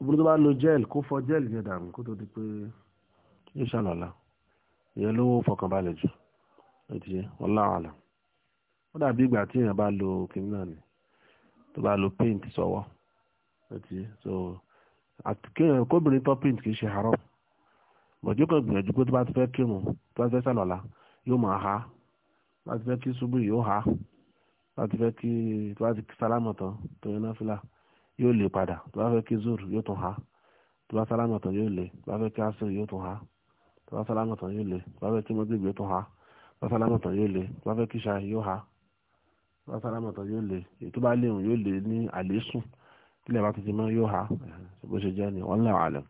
obìnrin tó bá lo gel kó fọ gel yẹn dànù kó tó di pé yóò ṣàlọ́lá ìyẹn ló fọkànbalẹ̀ jù ẹtì yẹn wallahu ó dàbí ìgbà tí èèyàn bá lo kìnìún náà ni tó bá lo paint sọ́wọ́ ẹtì yẹn so kóbìnrin tó paint kì í ṣe haram bọ̀jú kan gbìyànjú pé tó bá ti fẹ́ kírun tó bá ti fẹ́ ṣàlọ́lá yóò máa ha bá ti fẹ́ kí ṣubú yóò ha bá ti fẹ́ kí tó bá ti sálámọ̀ tán tó yẹn náà fìlà yóò lè padà tó bá fẹ́ kí zoro yóò tún ha tó bá sálámà tán yóò lè tó bá fẹ́ kí asiri yóò tún ha tó bá sálámà tán yóò lè tó bá fẹ́ kí mọ́gìrì yóò tún ha tó bá sálámà tán yóò lè tó bá fẹ́ kí ṣá yóò ha tó bá sálámà tán yóò lè èyí bá léwu yóò lè ní àlésùn tílẹ̀ bá ti mọ́ yóò ha bó ṣe jẹ́ ni wallahu alam.